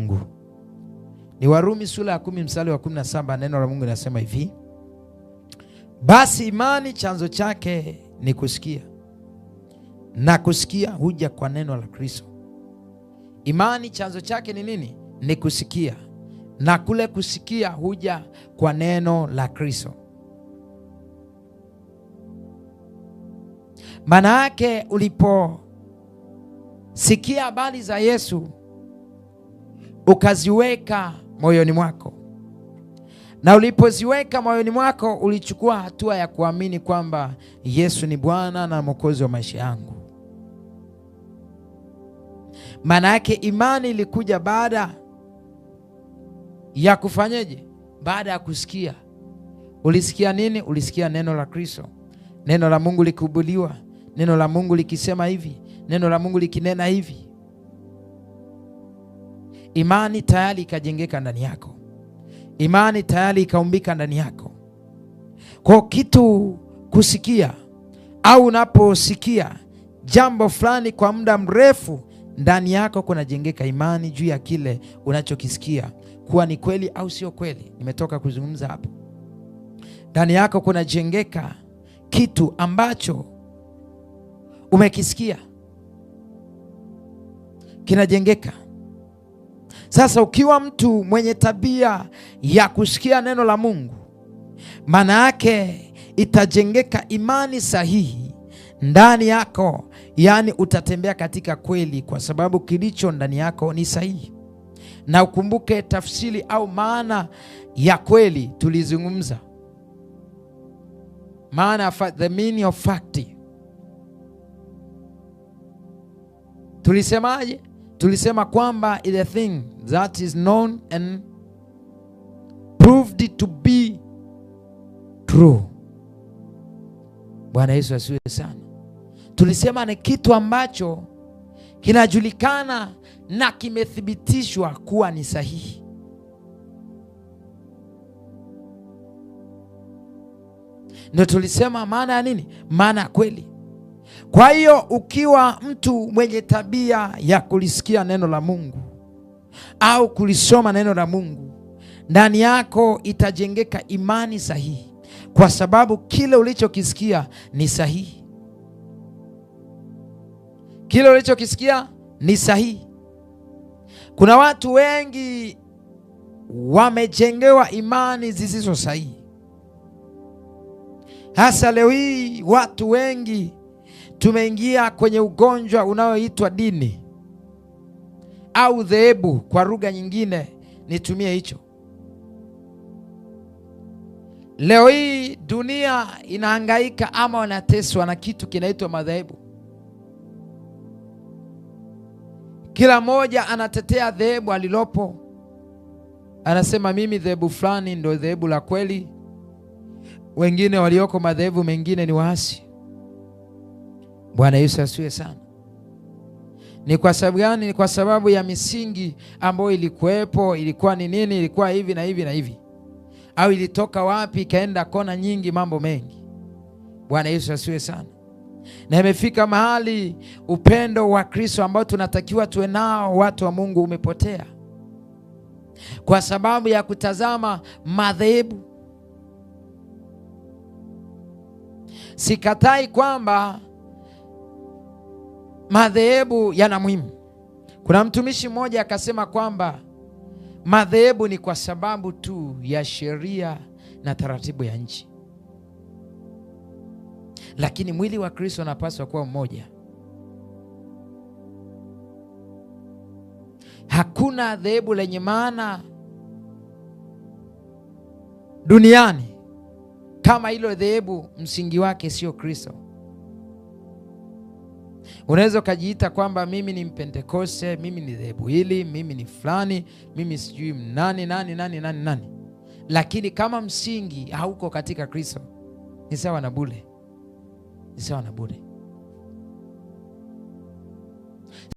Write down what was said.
Mungu. Ni Warumi sura ya kumi mstari wa 17, neno la Mungu linasema hivi: basi imani chanzo chake ni kusikia, na kusikia huja kwa neno la Kristo. Imani chanzo chake ni nini? Ni kusikia, na kule kusikia huja kwa neno la Kristo. Maana yake uliposikia habari za Yesu ukaziweka moyoni mwako, na ulipoziweka moyoni mwako ulichukua hatua ya kuamini kwamba Yesu ni Bwana na Mwokozi wa maisha yangu. Maana yake imani ilikuja baada ya kufanyeje? Baada ya kusikia. Ulisikia nini? Ulisikia neno la Kristo, neno la Mungu likuhubiliwa, neno la Mungu likisema hivi, neno la Mungu likinena hivi Imani tayari ikajengeka ndani yako, imani tayari ikaumbika ndani yako. Kwa kitu kusikia au unaposikia jambo fulani kwa muda mrefu, ndani yako kunajengeka imani juu ya kile unachokisikia kuwa ni kweli au sio kweli. Nimetoka kuzungumza hapo, ndani yako kunajengeka kitu ambacho umekisikia kinajengeka. Sasa ukiwa mtu mwenye tabia ya kusikia neno la Mungu, maana yake itajengeka imani sahihi ndani yako, yaani utatembea katika kweli, kwa sababu kilicho ndani yako ni sahihi. Na ukumbuke tafsiri au maana ya kweli tulizungumza, maana the meaning of fact tulisemaje? tulisema kwamba the thing that is known and proved to be true. Bwana Yesu asiwe sana. Tulisema ni kitu ambacho kinajulikana na kimethibitishwa kuwa ni sahihi. Ndio tulisema maana ya nini? Maana ya kweli kwa hiyo ukiwa mtu mwenye tabia ya kulisikia neno la Mungu au kulisoma neno la Mungu, ndani yako itajengeka imani sahihi, kwa sababu kile ulichokisikia ni sahihi. Kile ulichokisikia ni sahihi. Kuna watu wengi wamejengewa imani zisizo sahihi, hasa leo hii watu wengi Tumeingia kwenye ugonjwa unaoitwa dini au dhehebu, kwa lugha nyingine nitumie hicho. Leo hii dunia inahangaika ama wanateswa na kitu kinaitwa madhehebu. Kila mmoja anatetea dhehebu alilopo, anasema mimi dhehebu fulani ndio dhehebu la kweli. Wengine walioko madhehebu mengine ni waasi. Bwana Yesu asiwe sana. Ni kwa sababu gani? Ni kwa sababu ya misingi ambayo ilikuwepo. Ilikuwa ni nini? Ilikuwa hivi na hivi na hivi, au ilitoka wapi? Ikaenda kona nyingi, mambo mengi. Bwana Yesu asiwe sana. Na imefika mahali upendo wa Kristo ambao tunatakiwa tuwe nao watu wa Mungu umepotea kwa sababu ya kutazama madhehebu. Sikatai kwamba madhehebu yana muhimu. Kuna mtumishi mmoja akasema kwamba madhehebu ni kwa sababu tu ya sheria na taratibu ya nchi, lakini mwili wa Kristo unapaswa kuwa mmoja. Hakuna dhehebu lenye maana duniani kama hilo dhehebu msingi wake sio Kristo. Unaweza ukajiita kwamba mimi ni Mpentekoste, mimi ni dhehebu hili, mimi ni fulani, mimi sijui nani nani nani nani nani, lakini kama msingi hauko katika Kristo ni sawa na bure, ni sawa na bure.